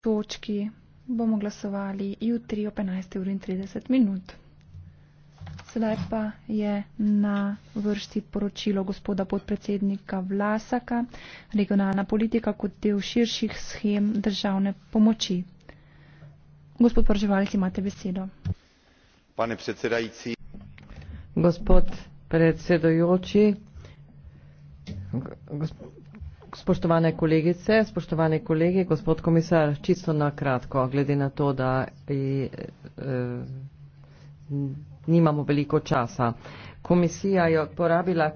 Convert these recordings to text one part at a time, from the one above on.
točki bomo glasovali jutri ob 11.30 minut. Sedaj pa je na vrsti poročilo gospoda podpredsednika Vlasaka, regionalna politika kot del širših schem državne pomoči. Gospod poroževalec, imate besedo. Pane predsedajci. Gospod predsedojoči, gospod Spoštovane kolegice, spoštovani kolegi, gospod komisar, čisto na kratko, glede na to, da e, e, nimamo veliko časa. Komisija je porabila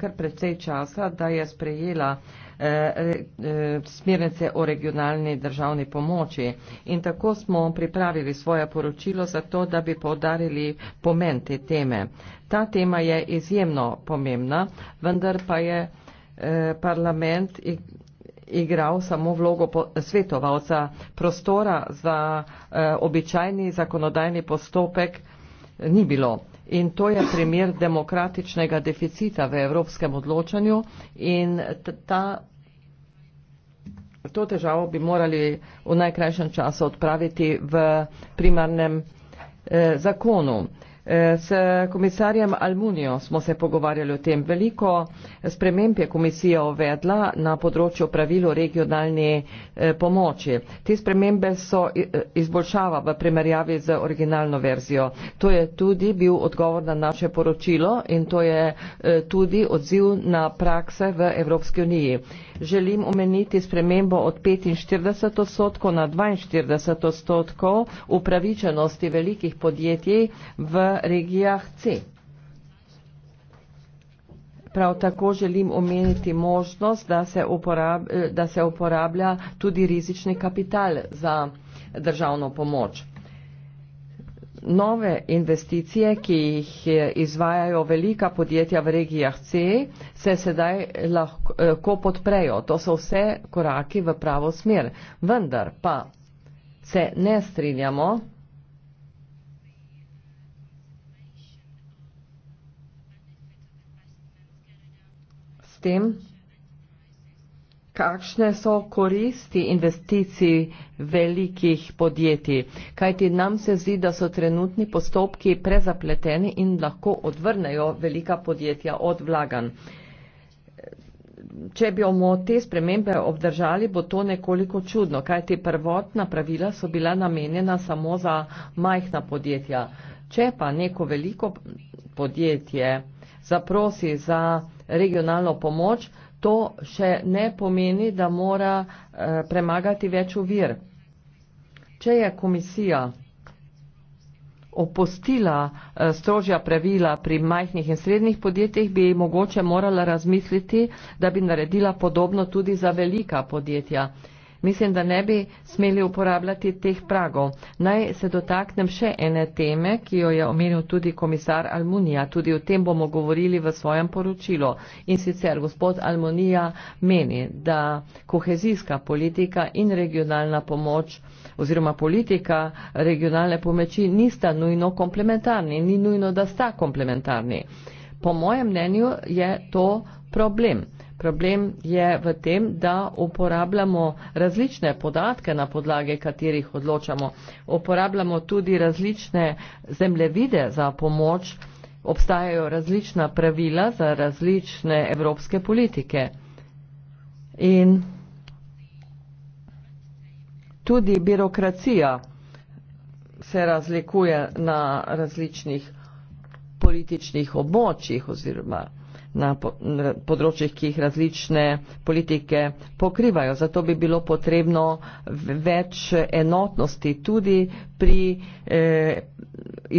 kar precej časa, da je sprejela e, e, smernice o regionalni državni pomoči in tako smo pripravili svoje poročilo za to, da bi povdarili pomen te teme. Ta tema je izjemno pomembna, vendar pa je. Eh, parlament igral samo vlogo svetovalca prostora za eh, običajni zakonodajni postopek eh, ni bilo. In to je primer demokratičnega deficita v evropskem odločanju in ta, to težavo bi morali v najkrajšem času odpraviti v primarnem eh, zakonu. Eh, S komisarjem Almunijo smo se pogovarjali o tem. Veliko sprememb je komisija uvedla na področju pravilo regionalne eh, pomoči. Te spremembe so eh, izboljšava v primerjavi z originalno verzijo. To je tudi bil odgovor na naše poročilo in to je eh, tudi odziv na prakse v Evropski uniji. Želim omeniti spremembo od 45 odstotkov na 42 odstotkov upravičenosti velikih podjetij v regijah C. Prav tako želim omeniti možnost, da se, uporab, da se uporablja tudi rizični kapital za državno pomoč. Nove investicije, ki jih izvajajo velika podjetja v regijah C, se sedaj lahko eh, podprejo. To so vse koraki v pravo smer. Vendar pa se ne strinjamo tem, kakšne so koristi investicij velikih podjetij. Kajti nam se zdi, da so trenutni postopki prezapleteni in lahko odvrnejo velika podjetja od vlagan. Če bi omo te spremembe obdržali, bo to nekoliko čudno, kajti prvotna pravila so bila namenjena samo za majhna podjetja. Če pa neko veliko podjetje zaprosi za regionalno pomoč, to še ne pomeni, da mora eh, premagati več uvir. Če je komisija opustila eh, strožja pravila pri majhnih in srednjih podjetjih, bi mogoče morala razmisliti, da bi naredila podobno tudi za velika podjetja. Mislim, da ne bi smeli uporabljati teh pragov. Naj se dotaknem še ene teme, ki jo je omenil tudi komisar Almunija. Tudi o tem bomo govorili v svojem poročilu. In sicer gospod Almunija meni, da kohezijska politika in regionalna pomoč oziroma politika regionalne pomoči nista nujno komplementarni. Ni nujno, da sta komplementarni. Po mojem mnenju je to problem. Problem je v tem, da uporabljamo različne podatke, na podlage katerih odločamo. Uporabljamo tudi različne zemljevide za pomoč. Obstajajo različna pravila za različne evropske politike. In tudi birokracija se razlikuje na različnih političnih območjih oziroma na področjih, ki jih različne politike pokrivajo. Zato bi bilo potrebno več enotnosti tudi pri eh,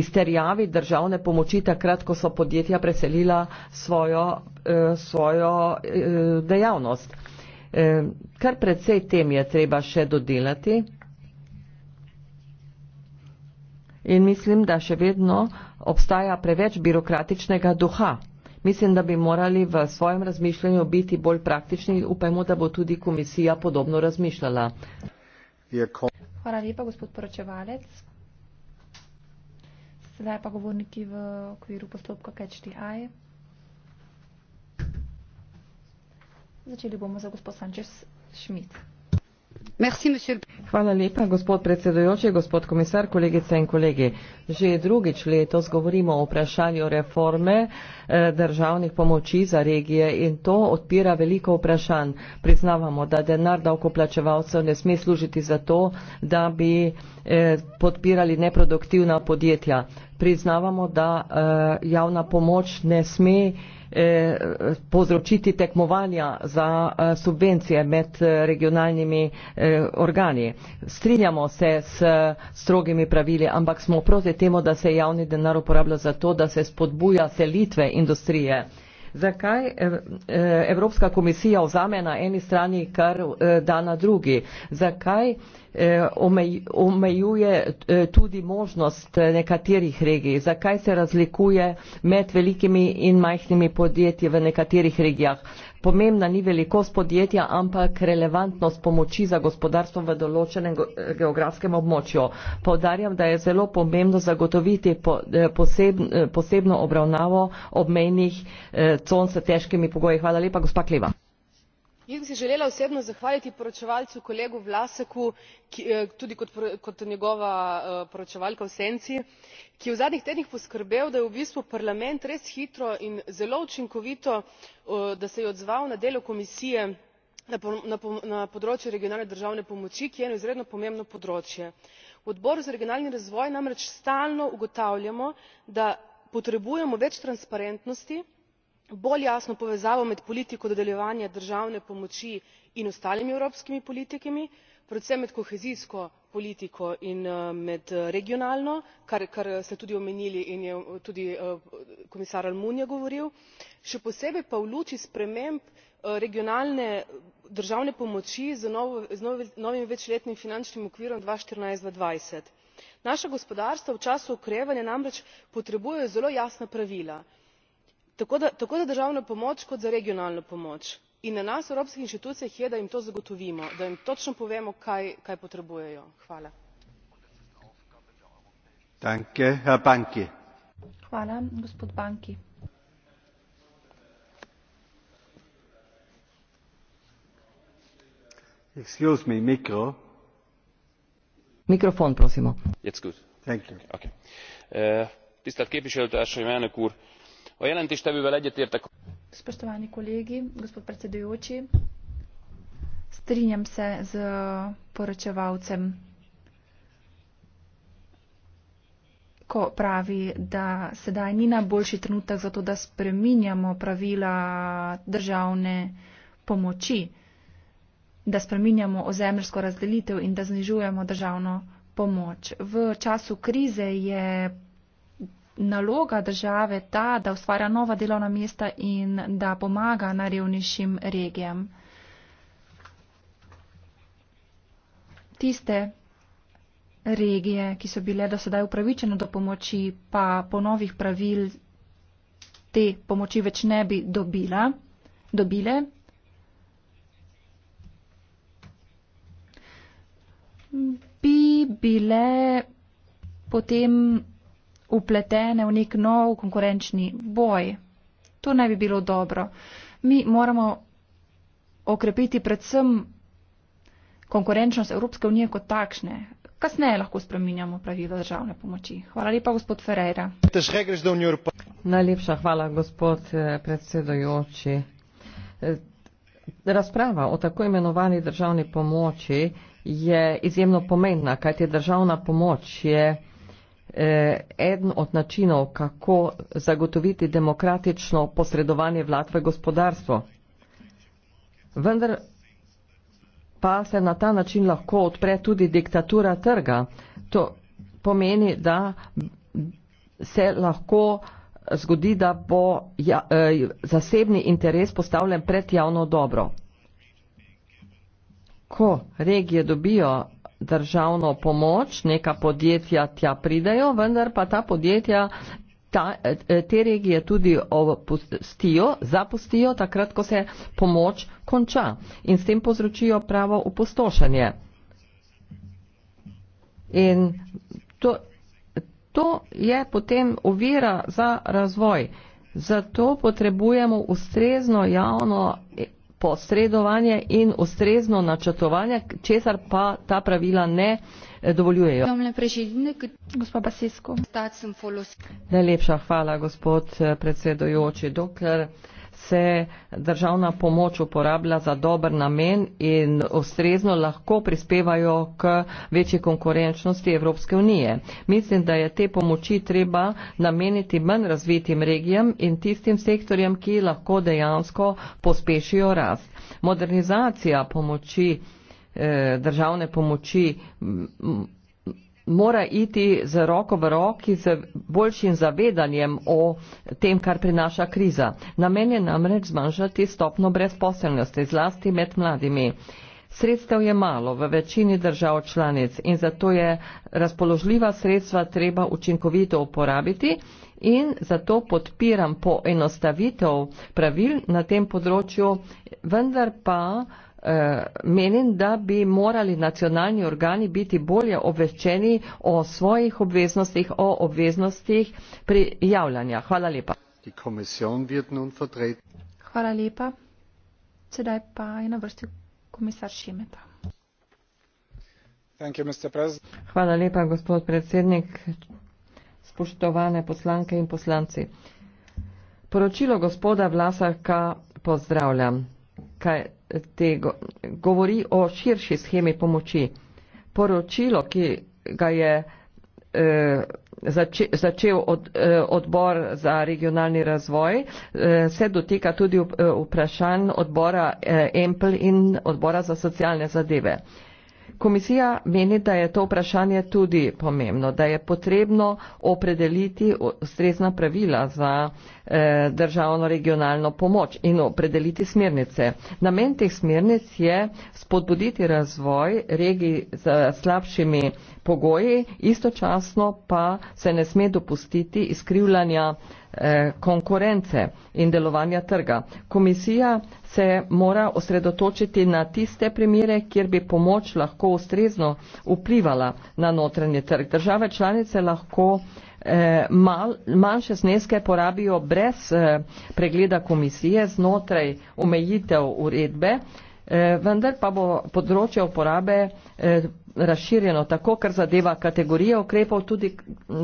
izterjavi državne pomoči, takrat, ko so podjetja preselila svojo, eh, svojo eh, dejavnost. Eh, kar predvsej tem je treba še dodelati. In mislim, da še vedno obstaja preveč birokratičnega duha. Mislim, da bi morali v svojem razmišljanju biti bolj praktični. Upajmo, da bo tudi komisija podobno razmišljala. Hvala lepa, gospod poročevalec. Sedaj pa govorniki v okviru postopka CHDI. Začeli bomo za gospod Sančes Šmit. Merci, Hvala lepa, gospod predsedujoči, gospod komisar, kolegice in kolegi. Že drugič letos govorimo o vprašanju reforme eh, državnih pomoči za regije in to odpira veliko vprašanj. Priznavamo, da denar davkoplačevalcev ne sme služiti za to, da bi eh, podpirali neproduktivna podjetja priznavamo, da eh, javna pomoč ne sme eh, povzročiti tekmovanja za eh, subvencije med regionalnimi organi. Strinjamo se s strogimi pravili, ampak smo proti temu, da se javni denar uporablja za to, da se spodbuja selitve industrije zakaj eh, eh, Evropska komisija vzame na eni strani, kar eh, da na drugi, zakaj omejuje tudi možnost nekaterih regij, zakaj se razlikuje med velikimi in majhnimi podjetji v nekaterih regijah pomembna ni velikost podjetja, ampak relevantnost pomoči za gospodarstvo v določenem geografskem območju. Povdarjam, da je zelo pomembno zagotoviti eh, eh, posebno obravnavo obmejnih eh, con s težkimi pogoji. Hvala lepa, gospa Kleva jaz bi se želela osebno zahvaliti poročevalcu kolegu vlaseku eh, tudi kot njegova eh, poročevalka v senci ki je v zadnjih tednih poskrbel da je v bistvu parlament res hitro in zelo učinkovito eh, da se je odzval na delo komisije na področju regionalne državne pomoči ki je eno izredno pomembno področje. v odboru za regionalni razvoj namreč stalno ugotavljamo da potrebujemo več transparentnosti bolj jasno povezavo med politiko dodeljevanja državne pomoči in ostalimi evropskimi politikami predvsem med kohezijsko politiko in eh, med eh, regionalno kar ste tudi omenili in je eh, tudi komisar almunia govoril še posebej pa v luči sprememb regionalne državne pomoči z novim večletnim finančnim okvirom dva tisoč štirinajst dva tisoč dvajset naša gospodarstva v času okrevanja namreč potrebujejo zelo jasna pravila tako za državno pomoč kot za regionalno pomoč in na nas evropskih inštitucijah je da jim to zagotovimo da jim točno povemo kaj potrebujejo. A jelentéstevővel egyetértek. Spoštovani kolegi, gospod predsedujoči, strinjam se z uh, poročevalcem, ko pravi, da sedaj ni najboljši trenutek za to, da spreminjamo pravila državne pomoči, da spreminjamo ozemljsko razdelitev in da znižujemo državno pomoč. V času krize je naloga države ta, da ustvarja nova delovna mesta in da pomaga najrevnejšim regijam. Tiste regije, ki so bile do sedaj upravičene do pomoči, pa po novih pravil te pomoči več ne bi dobila, dobile. bi bile potem upletene v nek nov konkurenčni boj. To naj bi bilo dobro. Mi moramo okrepiti predvsem konkurenčnost Evropske unije kot takšne. Kasneje lahko spreminjamo pravila državne pomoči. Hvala lepa, gospod Ferreira. Najlepša hvala, gospod eh, predsedojoči. Eh, razprava o tako imenovani državni pomoči je izjemno pomembna, kajti državna pomoč je Eh, eden od načinov, kako zagotoviti demokratično posredovanje vlad v gospodarstvo. Vendar pa se na ta način lahko odpre tudi diktatura trga. To pomeni, da se lahko zgodi, da bo ja, eh, zasebni interes postavljen pred javno dobro. Ko regije dobijo državno pomoč, neka podjetja tja pridejo, vendar pa ta podjetja ta, eh, te regije tudi opustijo, zapustijo takrat, ko se pomoč konča in s tem povzročijo pravo upostošanje. In to, to je potem ovira za razvoj. Zato potrebujemo ustrezno javno posredovanje in ustrezno načrtovanje, česar pa ta pravila ne eh, dovoljujejo. Najlepša hvala, gospod eh, predsedujoči. Dokler se državna pomoč uporablja za dober namen in ustrezno lahko prispevajo k večji konkurenčnosti Evropske unije. Mislim, da je te pomoči treba nameniti manj razvitim regijam in tistim sektorjem, ki lahko dejansko pospešijo rast. Modernizacija pomoči eh, državne pomoči mora iti z roko v roki z boljšim zavedanjem o tem, kar prinaša kriza. Namen je namreč zmanjšati stopno brezposelnosti, zlasti med mladimi. Sredstev je malo v večini držav članic in zato je razpoložljiva sredstva treba učinkovito uporabiti in zato podpiram poenostavitev pravil na tem področju, vendar pa Eh, menim, da bi morali nacionalni organi biti bolje obveščeni o svojih obveznostih, o obveznostih pri javljanju. Hvala lepa. Hvala lepa. Sedaj pa je na vrsti komisar Šimeta. You, Hvala lepa, gospod predsednik. Spoštovane poslanke in poslanci. Poročilo gospoda Vlasaka pozdravljam nekaj tega, govori o širši schemi pomoči. Poročilo, ki ga je eh, začel od, eh, odbor za regionalni razvoj, eh, se dotika tudi eh, vprašanj odbora eh, Empel in odbora za socialne zadeve. Eh, Komisija meni, da je to vprašanje tudi pomembno, da je potrebno opredeliti ustrezna pravila za eh, državno regionalno pomoč in opredeliti smernice. Namen teh smernic je spodbuditi razvoj regij z slabšimi pogoji, istočasno pa se ne sme dopustiti izkrivljanja eh, konkurence in delovanja trga. Komisija se mora osredotočiti na tiste primere, kjer bi pomoč lahko ustrezno vplivala na notranje trg. Države članice lahko eh, mal, manjše zneske porabijo brez eh, pregleda komisije znotraj omejitev uredbe, vendar pa bo področje uporabe razširjeno tako, kar zadeva kategorije ukrepov tudi,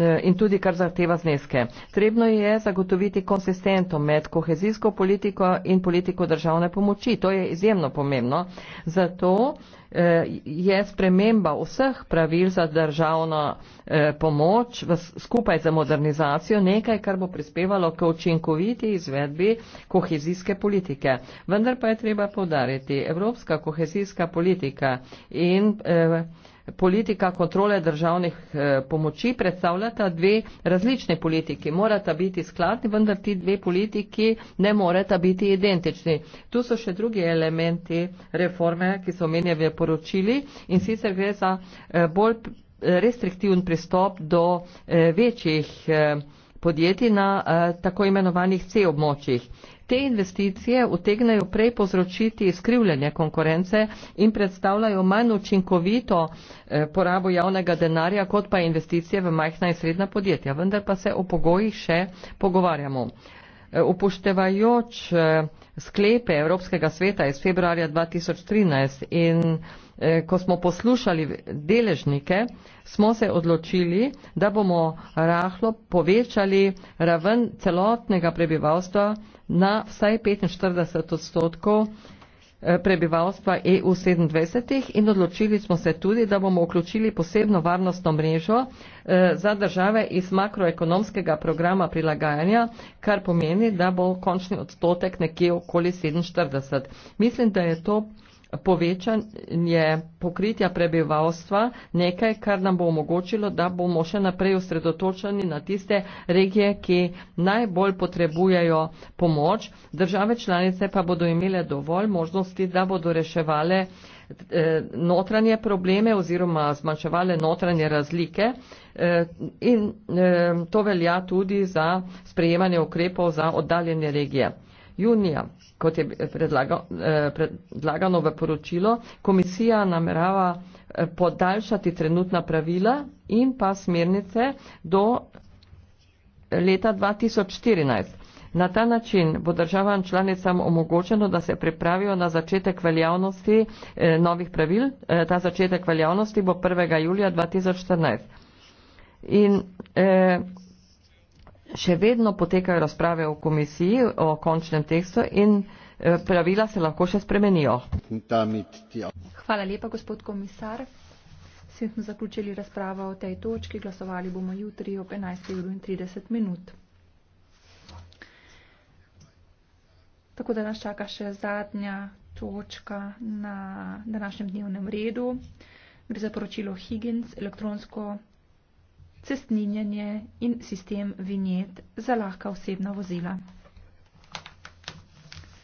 eh, in tudi kar zahteva zneske. Trebno je zagotoviti konsistento med kohezijsko politiko in politiko državne pomoči. To je izjemno pomembno. Zato eh, je sprememba vseh pravil za državno eh, pomoč skupaj za modernizacijo nekaj, kar bo prispevalo k učinkoviti izvedbi kohezijske politike. Vendar pa je treba povdariti, evropska kohezijska politika in eh, politika kontrole državnih eh, pomoči predstavljata dve različne politiki. Morata biti skladni, vendar ti dve politiki ne morata biti identični. Tu so še drugi elementi reforme, ki so omenjeni v poročili in sicer gre za eh, bolj eh, restriktivn pristop do večjih podjetij na tako imenovanih C območjih. Te investicije utegnajo prej povzročiti skrivljanje konkurence in predstavljajo manj učinkovito eh, porabo javnega denarja, kot pa investicije v majhna in srednja podjetja. Vendar pa se o pogojih še pogovarjamo upoštevajoč eh, sklepe Evropskega sveta iz februarja 2013 in eh, ko smo poslušali deležnike, smo se odločili, da bomo rahlo povečali raven celotnega prebivalstva na vsaj 45 odstotkov Eh, prebivalstva EU 27 in odločili smo se tudi, da bomo vključili posebno varnostno mrežo eh, za države iz makroekonomskega programa prilagajanja, kar pomeni, da bo končni odstotek nekje okoli 47. Mislim, da je to povečanje pokritja prebivalstva nekaj, kar nam bo omogočilo, da bomo še naprej osredotočeni na tiste regije, ki najbolj potrebujejo pomoč. Države članice pa bodo imele dovolj možnosti, da bodo reševale eh, notranje probleme oziroma zmanjševale notranje razlike eh, in eh, to velja tudi za sprejemanje ukrepov za oddaljene regije. Junija kot je eh, eh, predlagano v poročilo, komisija namerava eh, podaljšati trenutna pravila in pa smernice do leta 2014. Na ta način bo državam članicam omogočeno, da se pripravijo na začetek veljavnosti eh, novih pravil. Eh, ta začetek veljavnosti bo 1. julija 2014. In, eh, še vedno potekajo razprave v komisiji o končnem tekstu in eh, pravila se lahko še spremenijo. Hvala lepa, gospod komisar. Sem smo zaključili razpravo o tej točki, glasovali bomo jutri ob 11.30 minut. Tako da nas čaka še zadnja točka na današnjem dnevnem redu. Gre za poročilo Higgins, elektronsko cestninjenje in sistem vinjet za lahka osebna vozila.